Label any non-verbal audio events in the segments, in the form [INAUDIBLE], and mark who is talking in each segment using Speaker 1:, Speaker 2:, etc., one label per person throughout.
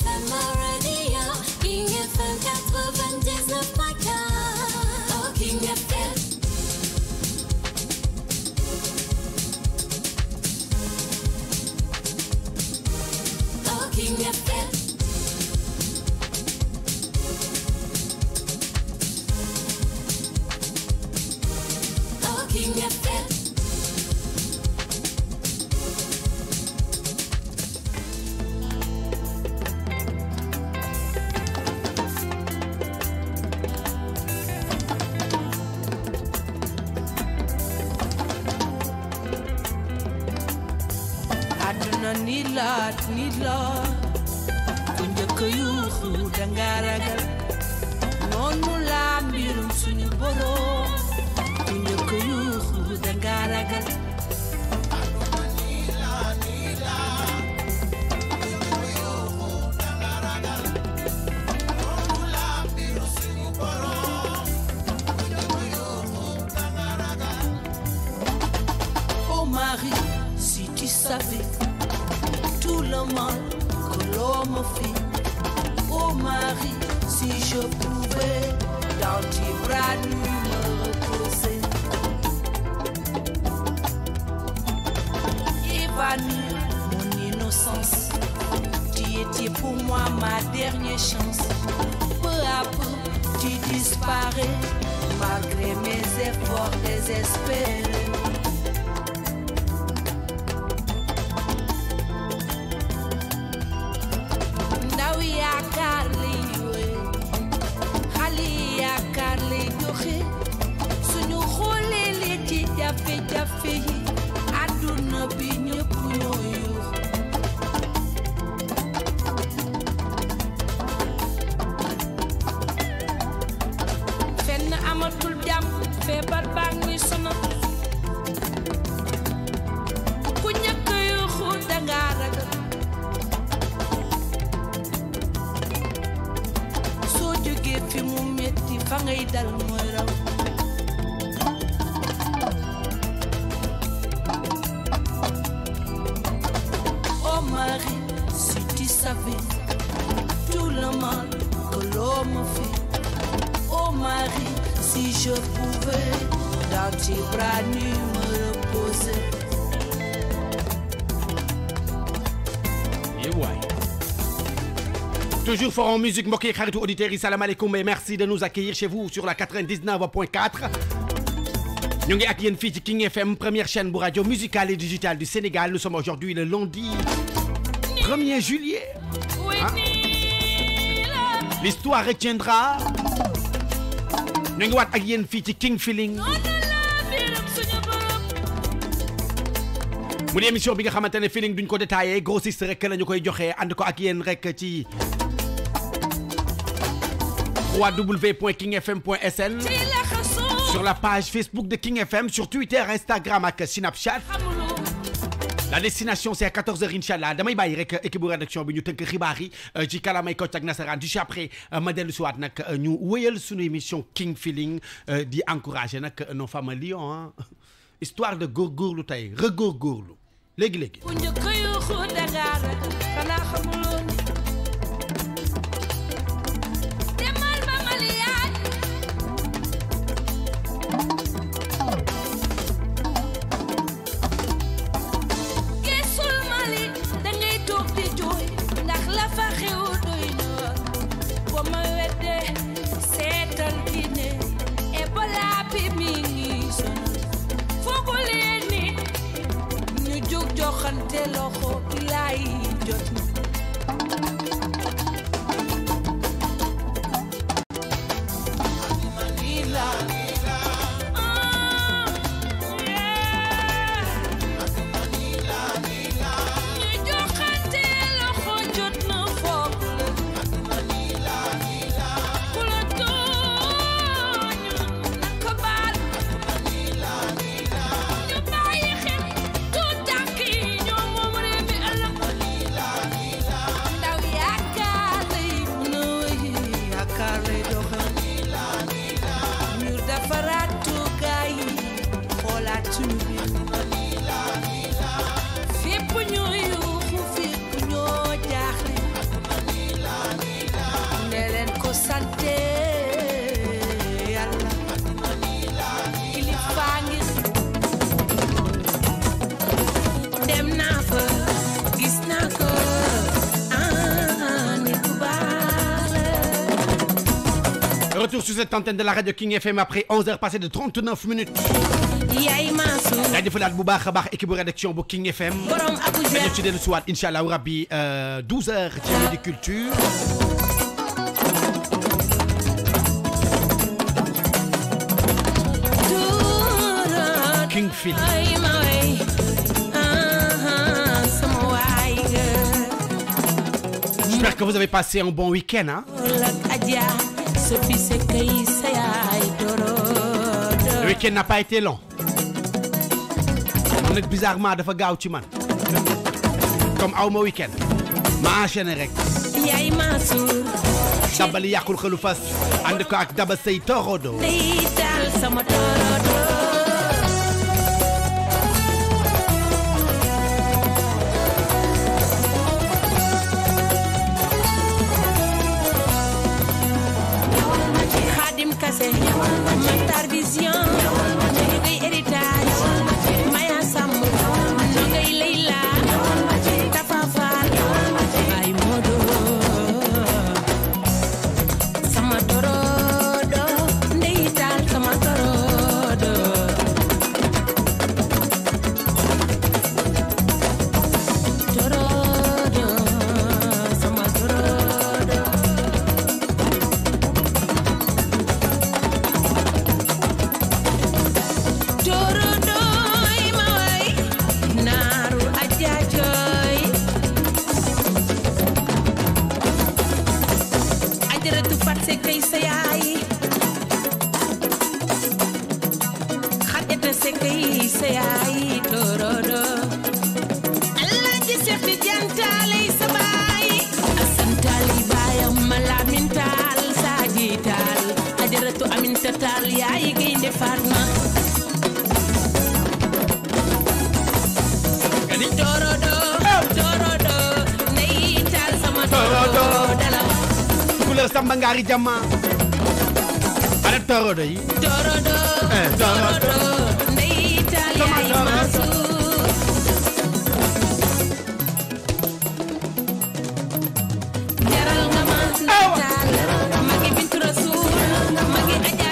Speaker 1: FM.
Speaker 2: Forum Musique Moké, Kharitou, xaritu salam yi et merci de nous accueillir chez vous sur la 99.4 Nous sommes ak King FM première chaîne pour radio musicale et digitale du Sénégal nous sommes aujourd'hui le lundi 1er juillet hein? l'histoire retiendra Nous sommes waat ak King Feeling oh mu di émission bi nga xamante ne feeling duñ ko détaillé grossiste rek la ñu koy joxé and ko ak rek ci www.kingfm.sn sur la page Facebook de King FM, sur Twitter, Instagram ak Snapchat. la destination c'est à 14h inchallah damay a rek euh, équipe de rédaction bi ñu tënk xibaar yi euh, ci kalamay kocc ak nasaraan juste après euh, ma dellu nak ñu émission King Feeling di encourager nak nos femmes Lyon. Hein. [LAUGHS] histoire de góorgóorlu tey regóorgóorlu léegi
Speaker 3: joxante loxo bilaay jot na
Speaker 2: sur cette antenne de l'arrêt de King FM après 11h passé de 39 minutes. yaay Mansour. yaay defalaat bu baax a rédaction pour King FM. borom Abuja dañu ci Inch'Allah, rabbi 12h euh, de culture. King Phil.
Speaker 1: Ah, ah,
Speaker 2: J'espère que vous avez passé un bon week-end. Hein? le week-end n'a pas été long man dafa gaaw ci man comme aw ma week-end ma enchaîné rek sabali yàqul xelu fas ànd ko ak daba sey torodo
Speaker 1: Uma visão.
Speaker 2: Tukulër Samba Ngari Jama ana torodo yi torodo torodo eh,
Speaker 1: neita
Speaker 2: ya
Speaker 4: masu jaral ngama nata magi pintu rasul
Speaker 2: magi aja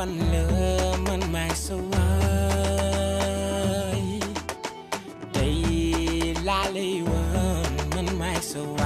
Speaker 5: anh lừa mình mài xuống ơi đi la li quên mình mài xuống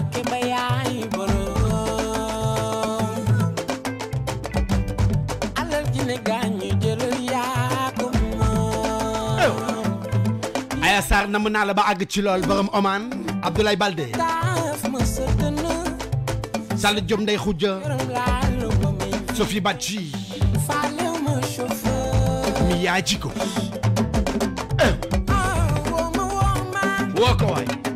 Speaker 5: mbàkke ba yaay borom
Speaker 2: alal ji ne gaañu jëlal yaa ko moom Aya Sarr namm naa la ba àgg ci lool borom Oman Abdoulaye Balde Sall Diop Ndeye Khoudia Sophie Badji mi yaa ci ko woo ko waay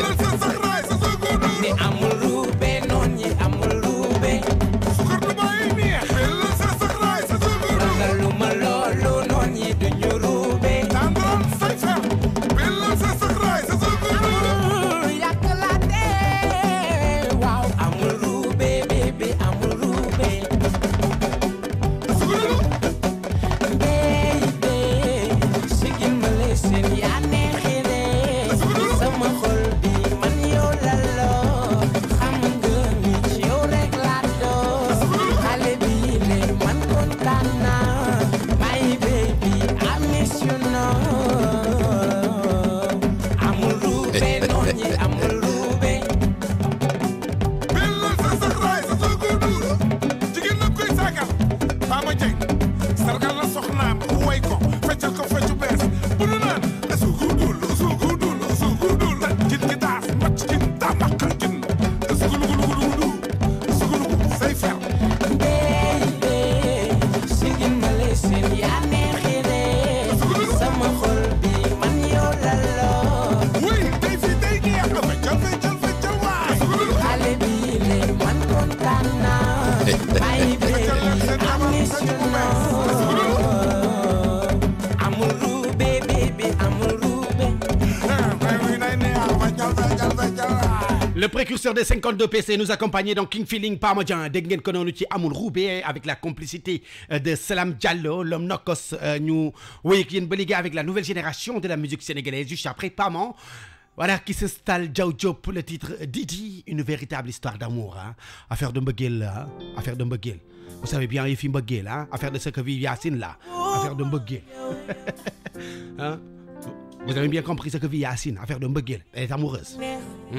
Speaker 2: Vai, vai, vai, vai. sur des 52 PC nous accompagner dans King Feeling Parmodian dégg Kononuti ko amul avec la complicité euh, de Salam Diallo l'homme nokos nous qui est avec la nouvelle génération de la musique sénégalaise juste après Paman voilà qui s'installe Diaw pour le titre Didi une véritable histoire d'amour hein. affaire de mbëggeel hein. affaire de mbëggeel vous savez bien il mbëggeel ah affaire de ce que vit Yacine là affaire de mbëggeel [LAUGHS] hein? Vous avez bien compris ce que vit Yacine, affaire de mbëggeel. Elle est amoureuse.
Speaker 5: Hmm?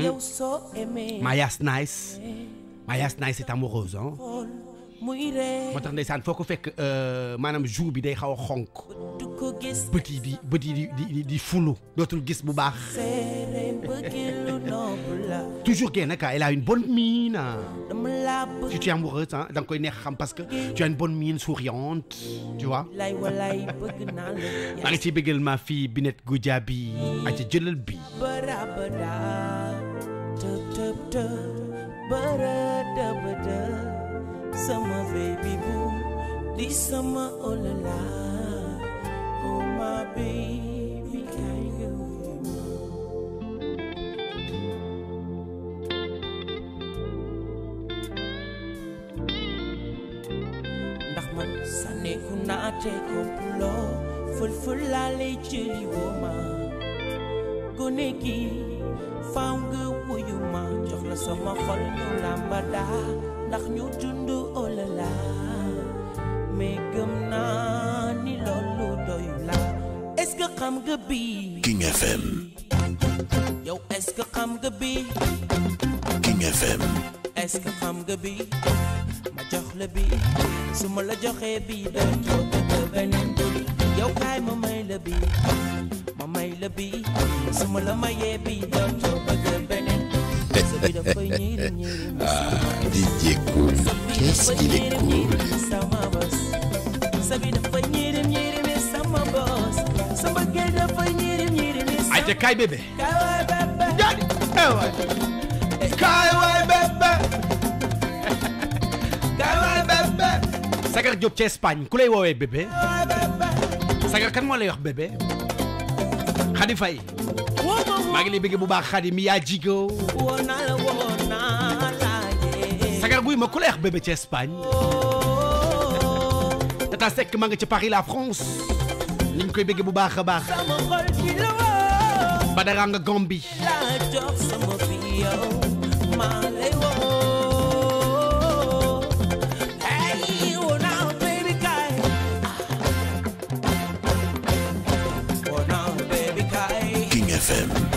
Speaker 5: Maya
Speaker 2: Maya's nice. Maya's nice est amoureuse. Hein?
Speaker 5: muy ree moo tax
Speaker 2: foo ko euh, bi day xaw toujours ah, elle a une bonne mine ah. si tu es amoureuse ah, parce que tu as une bonne mine souriante tu vois ma fille Binette bi
Speaker 5: summer baby boo, this summer all la. Oh my baby, can you hear me? Nachman sane kuna woman, gonegi. Found good, will you man? you lambada. ndax ñu dund olala megam gëm naa ni loolu doyu est-ce que xam nga King FM yo est-ce que xam nga King FM est-ce que xam nga bi ma jox la bi su ma la joxee bi doy jox la bi yow kaay ma may la bi ma may la bi su ma la mayee bi doy jox la bi
Speaker 6: ah
Speaker 2: Sagar Diop ci Espagne ku lay woowee bébé. Sagar kan moo lay wax bébé. Khady maa ngi bu baax xadim yaa jigo sagar guy ma ku la bébé ci Espagne tata sekk ma nga ci Paris la France ñu ngi koy bëgg bu baax a baax badara nga Gambie
Speaker 5: FM.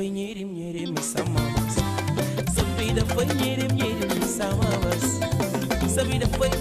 Speaker 5: dafay ñërim ñërimi sama bas sa bi dafay ñërim ñërimi sama bas sa bi dafay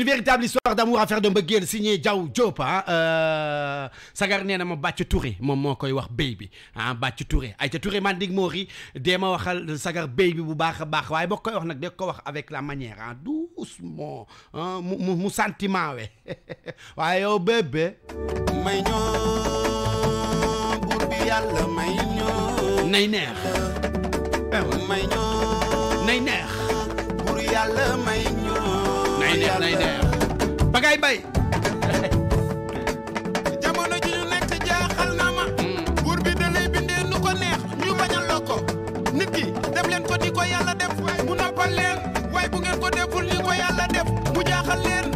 Speaker 2: une véritable histoire d'amour affaire de mbëggeel signé Diaw Diop hein. euh, sagar nee ma Touré mon mon koy wax Baby bi ah Touré ay Touré man dig déma ri dee waxal sagar Baby bi bu baax a baax waaye wax de ko wax avec la manière hein, doucement ah hein, mon, sentiment we [LAUGHS] waaye bébé may ñoo
Speaker 6: buur bi yàlla may ñoo nay neex may ñoo nay neex may day neex day neex jaaxal na ma hmm. buur bi da lay bindee nu ko neex ñu bañal la ko nit ko ni ko yàlla def mu noppal leen waaye bu ko deful ni ko yàlla def mu jaaxal leen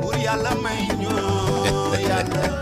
Speaker 6: buur yàlla may ñu yàlla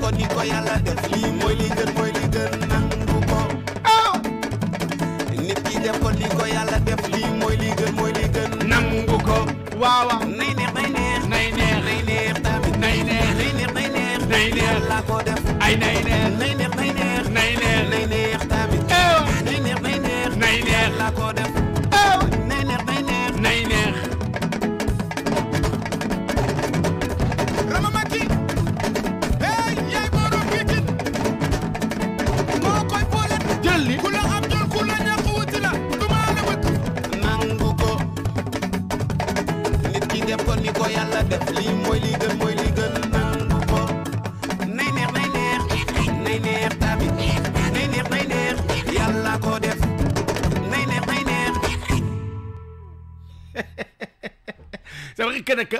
Speaker 2: ko ni ko yàlla def lii mooy li gën mooy li gën nangu ko ah!
Speaker 6: nit ki def ko ni ko yàlla def lii mooy li gën nangu ko waaw nay neex nay neex nay neex nay neex tamit nay neex nay neex nay neex nay neex la ko def ay nay neex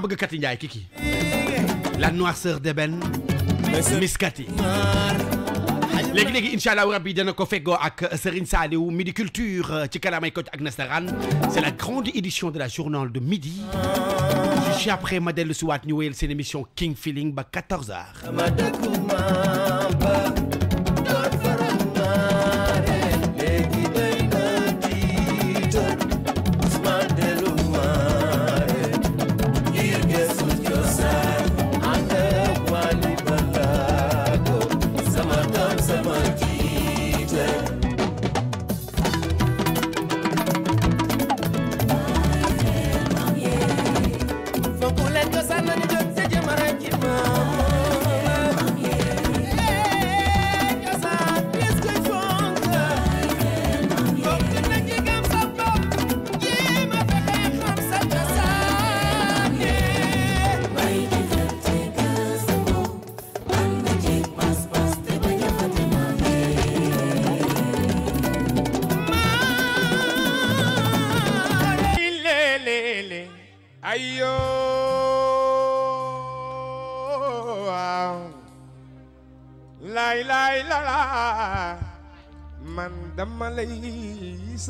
Speaker 2: bëgg kati njaay kiki la noirceur d'ébène Miss miskati léegi léegi inshallah allah rabbi dana ko ou ak Serigne midi culture ci kalamay kocc ak c'est la grande édition de la journal de midi juste après Madel dellu si waat ñu émission King Feeling ba 14h.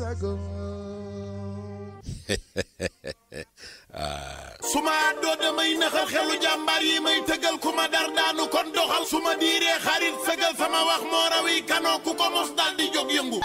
Speaker 6: sago su ma doo damay naxal xelu jàmbaar yi may tëggal ku ma dar daanu kon doxal su ma diiree xarit sëgal sama wax moo rawi kanoo ko mos di jóg yëngu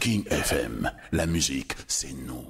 Speaker 6: King FM, la musique, c'est nous.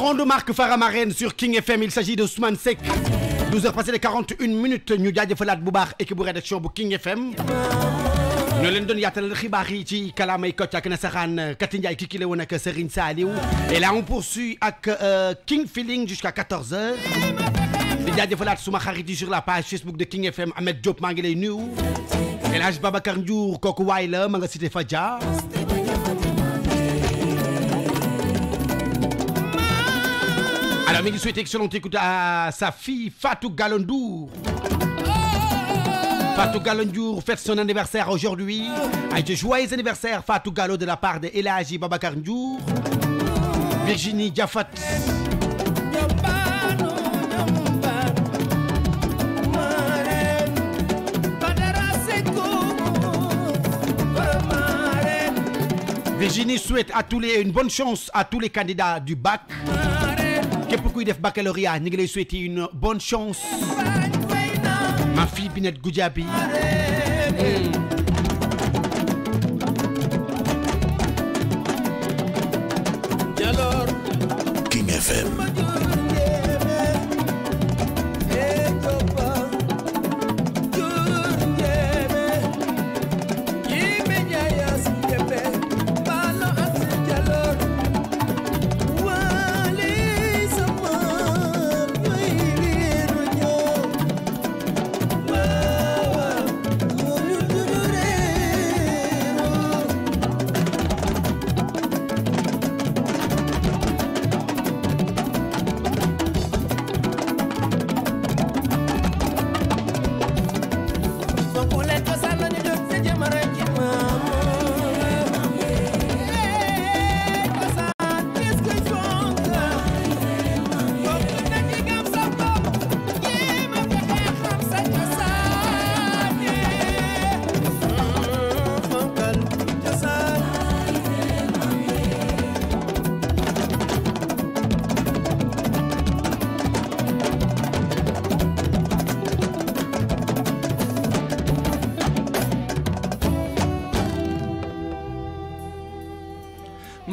Speaker 2: grande marque Faramarène sur King FM il s'agit de Ousmane Seck 12 h passées les 41 minutes ñu jaajëfalaat bu baax équipe de rédaction bu King FM ñoo leen doon yaatal xibaar yi ci et kocc ak nasaraan euh, Kati Ndiaye kii Saliou et là on poursuit ak euh, King Feeling jusqu'à 14 heures di jaajëfalaat suma xarit sur la page Facebook de King FM Ahmed Diop maa New. Et là, El Hadj Babacar Ndiour kooku Mesdames souhaite excellente écoute à sa fille Fatou Galandour. Fatou Galandour fête son anniversaire aujourd'hui. Un joyeux anniversaire Fatou Galo de la part de Babacar Ndour. Virginie Diafat. Virginie souhaite à tous les une bonne chance à tous les candidats du bac de baccalauréat n'est ngi lay souhaiter une bonne chance ma fille Binette Goudiaby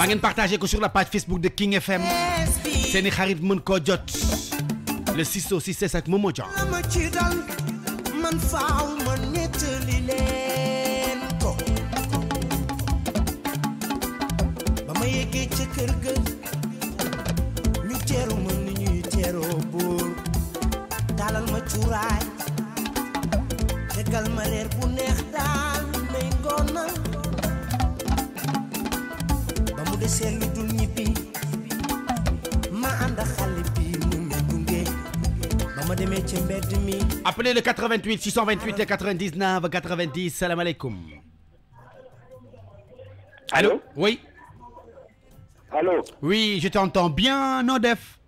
Speaker 2: maa ngeen partagé ko sur la page Facebook de King FM seeni xarit mën koo jot le 6 au 6 ak Momo Dia appelez le 88 628 99 90 salam alaikum. allô oui. allô. oui je t'entends bien Nodef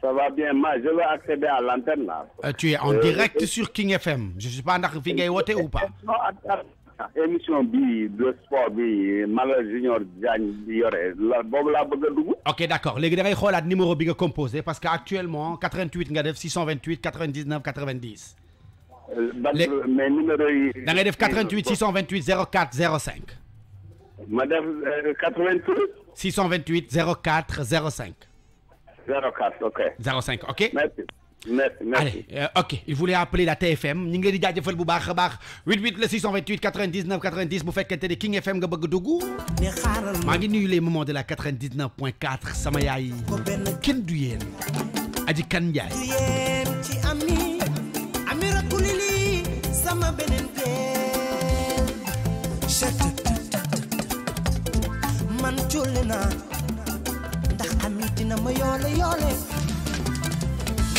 Speaker 7: ça va bien moi je veux accéder à l'antenne là.
Speaker 2: Euh, tu es en euh, direct sur King FM je ne sais pas ou
Speaker 7: pas ou pas de sport Junior
Speaker 2: ok d'accord. Les da numéro bi composé parce qu'actuellement, 88 628 99 90.
Speaker 8: ba mais numéro yi. da 88
Speaker 2: 628 04 05. 88. 628 04 05. 04 ok. 05 ok. merci merci merci euh, ok il voulait appeler la TFM ñu ngi leen di jaajëfal bu baax a 88 le 628 99 90 bu fekkente ne King FM nga bëgg a dugg. ngi nuyu les moments de la 99.4 point 4 sama yaay kenn du yéen aji kan Ndiaye.
Speaker 5: man julli naa ndax ami dina ma yoole yoole.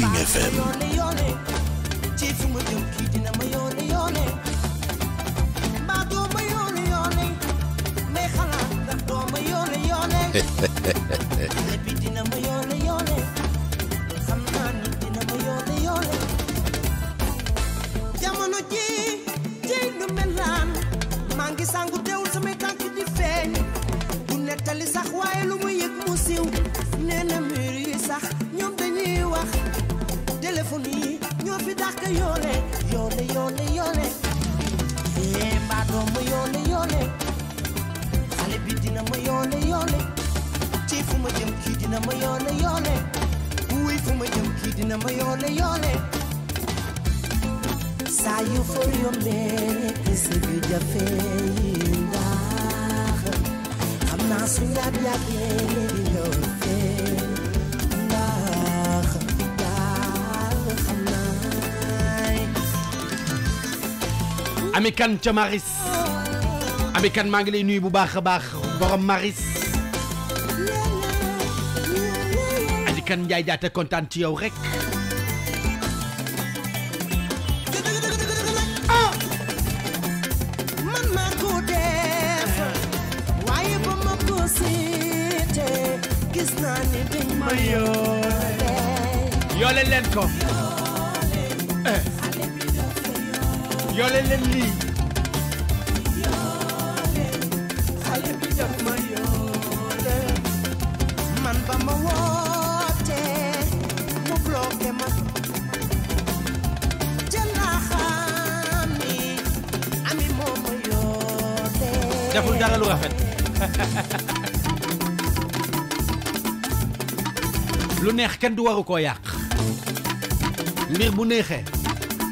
Speaker 5: King FM [LAUGHS] ka yoole yoole yoole eh, yoole ee mbaa doom ma yoole yoole xale bi dina ma yoole jëm kii dina ma yoole yoole wuy fu ma jëm kii dina ma yoole yoole saa yu fa yombee kese bi jafe yi ndax xam naa suñ la
Speaker 2: ami kan ca maris ami kan maa ngi lay nuyu bu baax a baax borom maris aji kan njaay jaate kontaan ci yow rek
Speaker 5: gis naa ah! ni dañ ma yoo
Speaker 2: yoo leen leen ko yoolee leen lii
Speaker 5: xale bi daf ma man ba ma woote mu ma jëlaa xam ami moo ma yoole dara lu
Speaker 2: rafet lu neex kenn du waru koo yàq bu neexe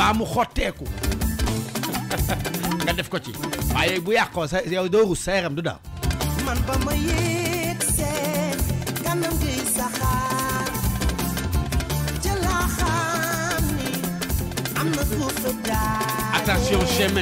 Speaker 2: mbaa mu xotteeku nga def ko ci waaye bu yàqoo sa yow doo rus sa du daaw
Speaker 5: man ba ma yéeg seen kanam gi saxaar jëlaa xam ni am na suuf daal
Speaker 2: attention chien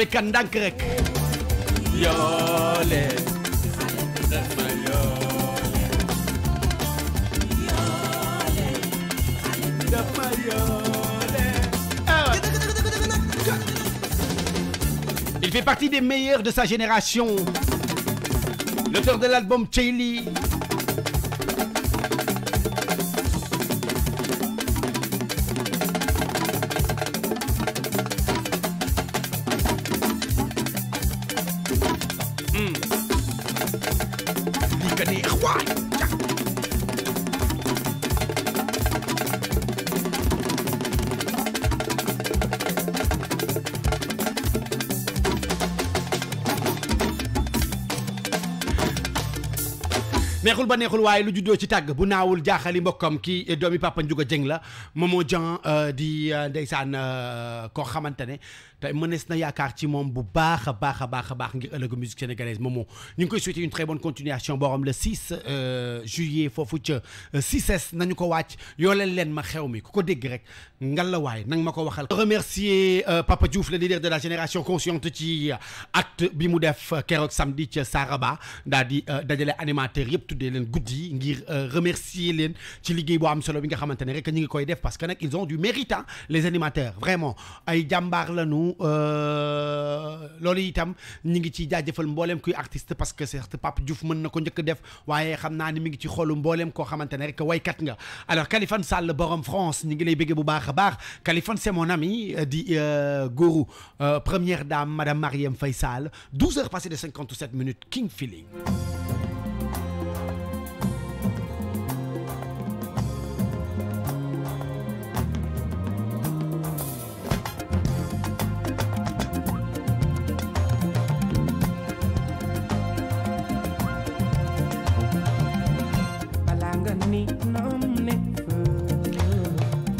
Speaker 2: il fait partie des meilleurs de sa génération l'auteur de l'album Chili neexul ba neexul waaye lu juddoo ci tàgg bu naawul jaaxali mbokkam ki doomi papa Ndiouga Dieng la Momo Dieng euh, di euh, ndeysaan euh, ko xamante ne tey mënees na yaakaar ci moom bu baax a baax a baax a baax ngir ëllëgu musique sénégalaise Momo ñu ngi koy souhaiter une très bonne continuation boo le 6 juillet foofu ca 6S nañu ko wàcc yooleel leen ma xew mi ku ko dégg rek ngalawaay nang ma ko waxal. remercier Papa Diouf le leader de la génération consciente ci acte bi mu def keroog samedi ca Saraba daal di dajale animateur yëpp tuddee goudi ngir euh, remercier len ci liguey bu am solo bi nga xamantene rek ñi ngi koy def parce que nak ils ont du mérite hein, les animateurs vraiment ay jambar la jàmbaar euh loolu itam ñi ngi ci jaajëfal mbooleem kuy artiste parce que certes Pape Diouf mën nako ñëk def waye xamna ni mi ngi ci xolu mbooleem ko xamantene rek way kat nga alors Kaliphone Sall borom France ñi ngi lay bëgge bu baax baax Kaliphone c'est mon ami euh, di euh, euh, première dame madame Marième faisal 12 h passé de 57 minutes King Feeling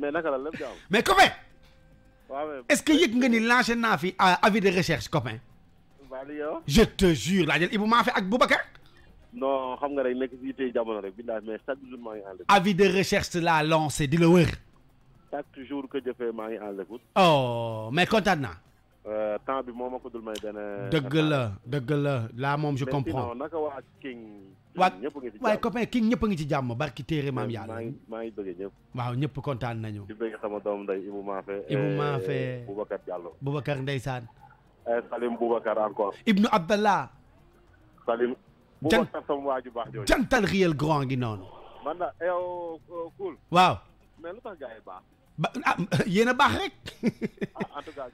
Speaker 7: mais naka la lépp jàmm.
Speaker 2: mais copain. est-ce que yëg nga ni lancé naa fi euh, avis de recherche copain. waaw bah, je te jure la jël Ibou maa fi ak Boubacar.
Speaker 7: non xam nga rek nek ci tey jamono rek bilaay mais chaque jour ma ngi ànd. avis
Speaker 2: de recherche laa lancé di la wër.
Speaker 7: chaque jour que jëfee maa ngi ànd ak.
Speaker 2: oh mais contane na
Speaker 7: Euh, temps bi moo ma ko dul may benn. dëgg la
Speaker 2: dëgg la laa moom je comprends.
Speaker 7: waaye
Speaker 2: copain King ñëpp a ngi ci jàmm barki téere maam yàlla. maa ngi
Speaker 7: maa ngi ñëpp. waaw
Speaker 2: ñëpp kontaan nañu.
Speaker 7: di bëgg sama doom nday Ibou Mafe.
Speaker 2: Eh, Ibou Ndeysaan.
Speaker 7: Eh,
Speaker 2: Ibnu Abdallah.
Speaker 7: baax jooju. jantal
Speaker 2: réel grand gi noonu.
Speaker 7: Eh, oh, oh, waaw.
Speaker 2: ba ah, yéen a baax rek.
Speaker 7: Ah, en tout cas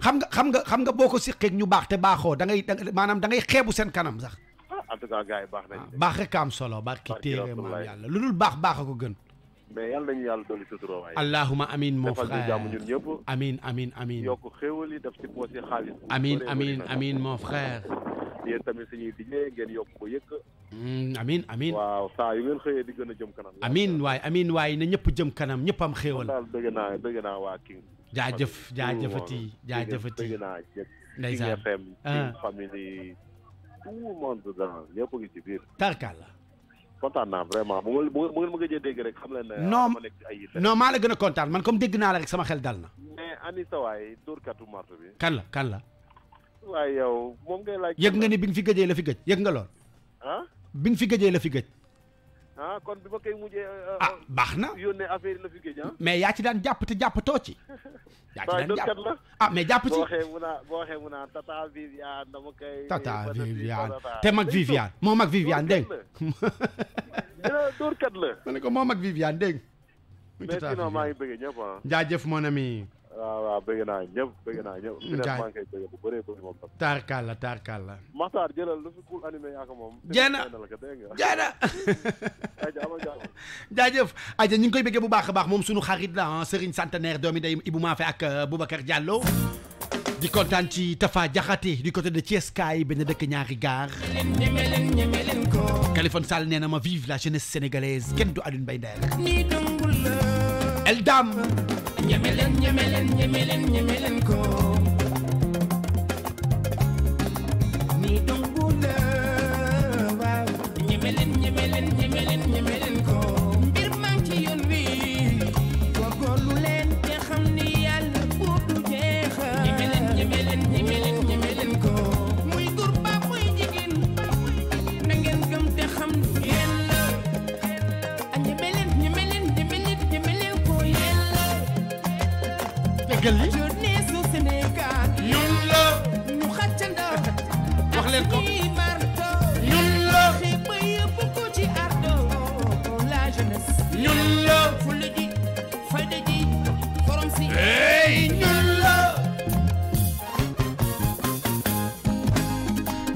Speaker 7: xam
Speaker 2: nga xam nga xam nga boo ko siqeeg ñu baax te baaxoo da ngay maanaam dangay xeebu seen kanam sax.
Speaker 7: Ah, en tout cas
Speaker 2: baax rek am solo. barki téere maam yàlla lu dul baax baax a ko gën.
Speaker 7: mais yal nañu yàlla dolli sutura waaye. allahuma
Speaker 2: amiin moo frère defal jàmm ñun ñëpp. amiin amiin amiin yokk
Speaker 7: xéwal yi daf ci poos yi xaalis.
Speaker 2: amiin amiin amiin moo frère.
Speaker 7: yéen tamit suñuy liggéey ngeen yokk ko yëkk. amiin amiin waaw saa yu ngeen xëyee di gën a jëm kanam.
Speaker 2: amiin waay amiin waay na ñëpp jëm kanam ñëpp am xéwal. daal dëgg naa dëgg naa waa King. jaajëf jaajëfati jaajëfati. dëgg naa ndeysaan King FM. King famille
Speaker 7: tout le monde daal ñëpp ngi ci biir. tarkalla. kontaan naa vraiment bu ma bu ngeen ma a dégg rek xam leen ne. non ah,
Speaker 2: non maa la gën kontaan man comme dégg naa la rek sama xel dal na.
Speaker 7: mais ani sawaay dóorkatu marto bi. kan la kan la. waaye yow moom ngay laaj. yëg nga
Speaker 2: ni bi nga fi gëjee la fi gëj yëg nga lool. ah. bi nga fi gëjee la fi gëj.
Speaker 7: ah kon bi koy mujjee. Euh, euh, ah, baax na yónnee affaire yi ah.
Speaker 2: yaa ci daan jàpp te jàppatoo ci. [LAUGHS] yaa ci daan jàpp ah mais jàpp ci. boo te mag Viviane moo mag Viviane dégg [LAUGHS] moo mag Viviane dégg nga.
Speaker 7: mais
Speaker 2: sinon maa ngi
Speaker 7: waaw waaw bëgg naa ñëpp bëgg naa ñëpp. jaajëf maa ngi koy bëgg bu
Speaker 2: Tarkalla Tarkalla.
Speaker 7: Makhtar jëlal lu fi kuul animé yaa ko moom. [LAUGHS] jeena jeena.
Speaker 2: [LAUGHS] jaajëf. ayca ñu ngi koy bëggee bu baax a baax moom sunu xarit la Serigne Centenaire doomi day Ibou Mafe ak euh, Boubacar Diallo. di kontaan ci Tafa Jaxate du côté de Thiès kaay benn dëkk ñaari gaar. Kaliphone Sall nee na ma vive la jeunesse sénégalaise kenn du Alioune Mbaye
Speaker 9: Nder. El Dame. ñeme leen ñeme leen ñeme leen ñeme leen ko. nii dong la waaw. ñeme leen ñeme leen ñeme leen ñeme leen yëgal li ñun la wax leen
Speaker 5: ko ñun la ñun la
Speaker 6: hey
Speaker 2: ñun la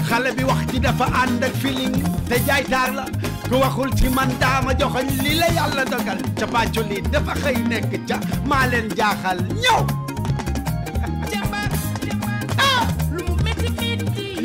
Speaker 2: xale bi wax ci dafa ànd ak feeling te jaay taar la ku waxul ci man daama joxoñ li la yàlla dogal ca pàccu li dafa xëy nekk ca maa leen jaaxal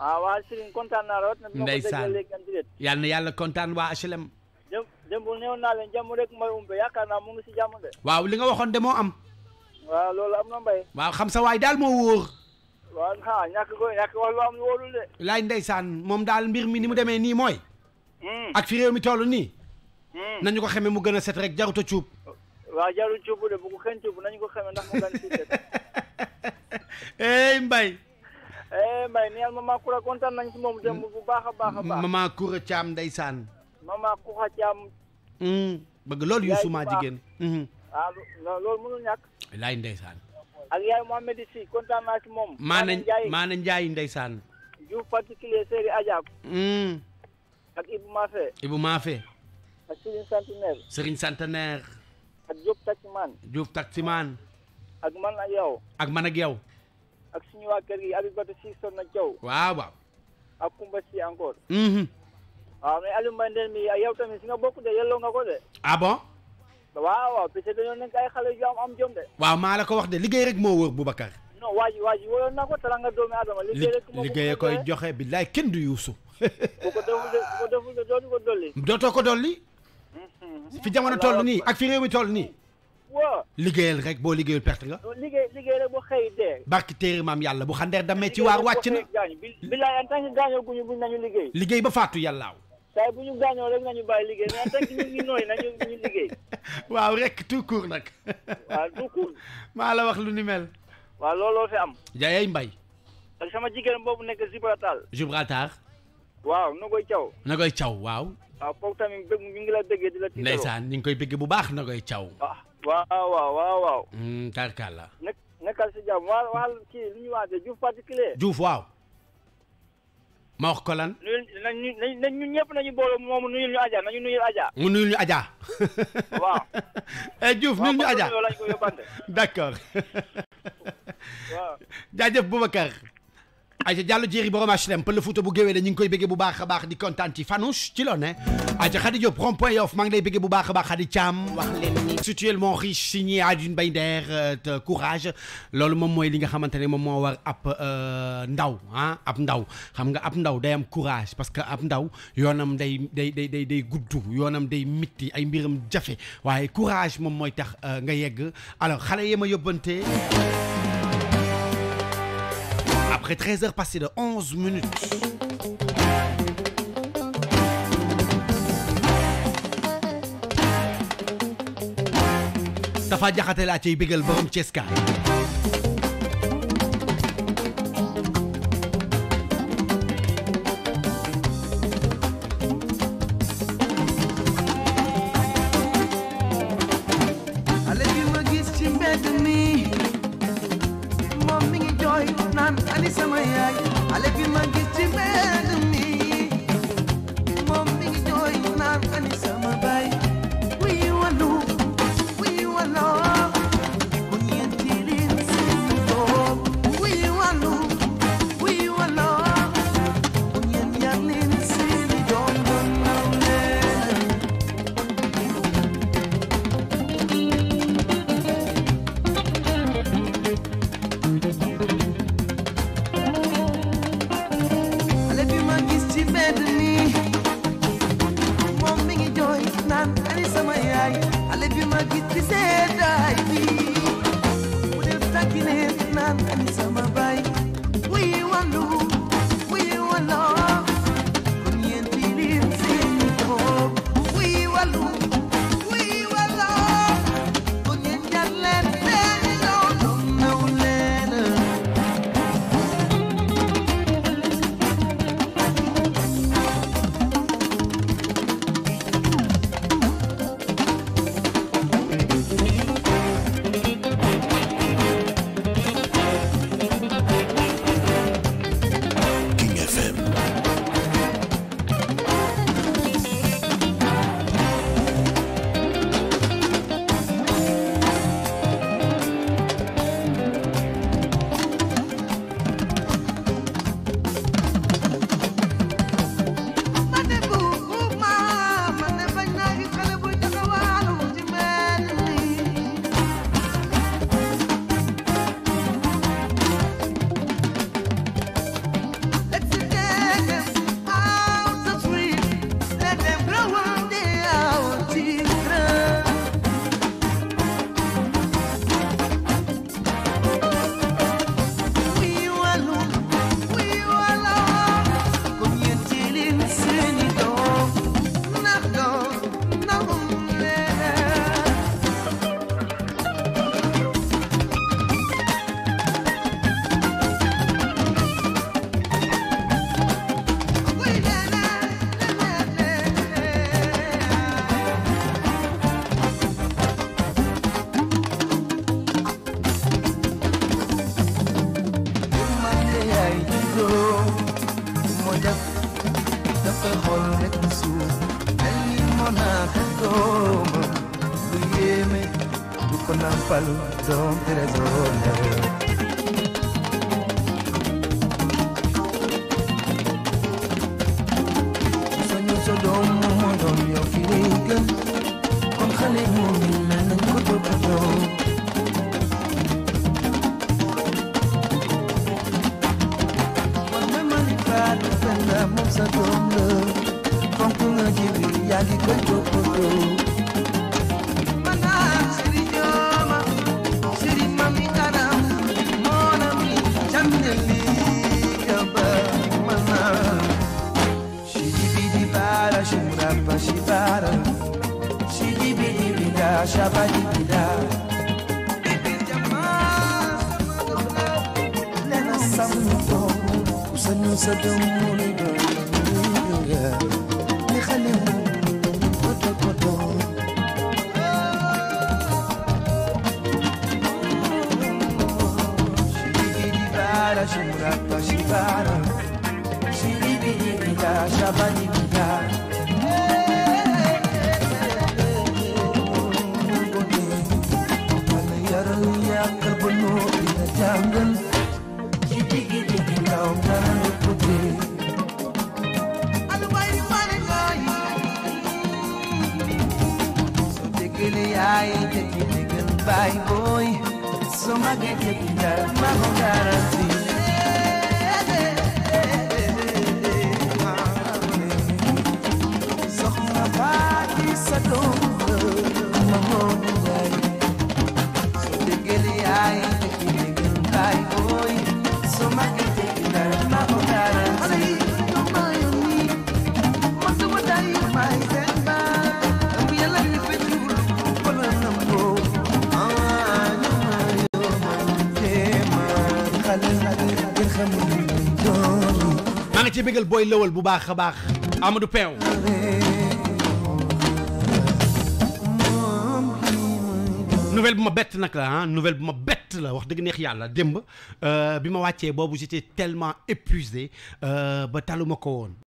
Speaker 8: a ah, waa Serigne kontaan naa rawatina. ndeysaan
Speaker 2: yal na yàlla kontaan waa HLM.
Speaker 8: jëm jëm bu néew naa leen jàmm rek mooy umbe yaakaar naa mu ngi si jàmm de.
Speaker 2: waaw li nga waxoon de moo am.
Speaker 8: waaw loolu am na mbay.
Speaker 2: waaw xam sa waay daal moo wóor.
Speaker 8: waaw ah ñàkk ko ñàkk wax lu am wóorul de.
Speaker 2: laay ndeysaan moom daal mbir mi ni mu demee nii mooy. Hmm. ak fi réew mi toll nii.
Speaker 8: Hmm. nañu ko xeme
Speaker 2: mu gën a set rek jaruta cuub.
Speaker 8: waaw jarul cuub de bu ko kenn cuub nañu [LAUGHS] Eh, Mbaye neel maman Koura kontaan nañ ci moom démb bu baax a baax a baax. maman
Speaker 2: Koura Thiam ndeysaan.
Speaker 8: maman Koura Thiam.
Speaker 2: Hmm, bëgg loolu Youssou maa jigéen. Hmm.
Speaker 8: ah loolu mënul ñàkk. laay ndeysaan. ak yaay Mohamed si kontaan naa ci moom. maana
Speaker 2: maana Ndiaye ndeysaan.
Speaker 8: Diouf particulier Séri Adja. Hmm. ak Ibou Mafe. Ibou Mafe. ak Serigne Centenaire.
Speaker 2: Serigne Centenaire.
Speaker 8: ak Diop Taximan.
Speaker 2: Diop Taximan.
Speaker 8: ak man ak yow. ak man ak yow. ak suñu waa kër gi Aliou Bato si Sonna Diaw. waaw waaw. ak Koumba si encore. Mhm. waaw mais Aliou Mbaye Nder mi si nga bokk de yelloo nga ko de. ah waaw waaw yu am am jom de.
Speaker 2: waaw maa la ko wax de liggéey rek moo wër Boubacar.
Speaker 8: non waa ji waa ji wóoroon na ko taranga doomi Adama. liggéey rek moo koy
Speaker 2: joxe billaay kenn du yuusu.
Speaker 8: [LAUGHS] bu ko deful
Speaker 2: dootoo ko dolli. Mhm. fi jamono toll nii ak fi réew mi toll nii. waaw liggéeyal rek boo liggéeyul perte nga.
Speaker 8: liggéey liggéey rek boo xëy dee.
Speaker 2: barki téere maam yàlla bu xandeer damee ci waar wàcc na.
Speaker 8: bilaay en tant que gaañoo guñu buñ nañu liggéey.
Speaker 2: liggéey ba faatu yàllaaw.
Speaker 8: saa bu ñu gaañoo rek nañu bàyyi liggéey mais en tant ñu ngi nooy nañu ñu liggéey. [LAUGHS] waaw [LAUGHS] waaw tout court. maa la wax lu looloo fi am. Ndiaye Mbaye. ak sama jigéen boobu nekk Gibraltar. Gibraltar. waaw Nogoy Thiaw.
Speaker 2: Nogoy Thiaw waaw.
Speaker 8: waaw kooku tamit bëgg ngi la bëggee di ñu
Speaker 2: ngi koy bëgg bu baax Nogoy Thiaw. Ah.
Speaker 8: waaw waaw waaw waaw.
Speaker 2: Hmm, tarkalla.
Speaker 8: ne nekkal si jàmm waa waa kii li ñuy waajee Diouf particulier. Diouf
Speaker 2: waaw. ma wax ko lan.
Speaker 8: nañu nañu ñëpp nañu boole moom mu nuyul ñu Adja nañu nuyul Adja.
Speaker 2: mu nuyul ñu Adja. waaw. [LAUGHS] eh Diouf nuyul ñu Adja waaw d' accord. waaw. jaajëf Boubacar. ayca jàllu jéeri borom HLM pël Fuuta bu géwél la ñu ngi koy bëggee bu baax a baax di kontaan ci fanouche ci loon ne ayca Khady Diop rond point Yoff maa ngi lay bëggee bu baax a baax Khady Thiam wax leen ni situellement riche signé Alioune Mbaye Nder euh, te courage loolu moom mooy li nga xamante ne moom moo war ab euh, ndaw ah ab ndaw xam nga ab ndaw day am courage parce que ab ndaw yoonam day day day day day gudd yoonam day mitti ay mbiram jafe waaye courage moom mooy tax euh, nga yegg alors xale yee ma yóbbante Après 13 heures passées de 11 minutes. Tafa Diakhaté laa cay bégal borom Ceeskaay
Speaker 5: shabali bila lena samuto kusanyusa domo get taken down my whole
Speaker 2: ci bégal booy lëwal bu baax a baax Amadou Pew nouvelle bu ma bett nag la ah nouvelle bu ma bett la wax deug neex yalla demb euh bima waccé bobu j'étais tellement épuisé euh ba taluma ko won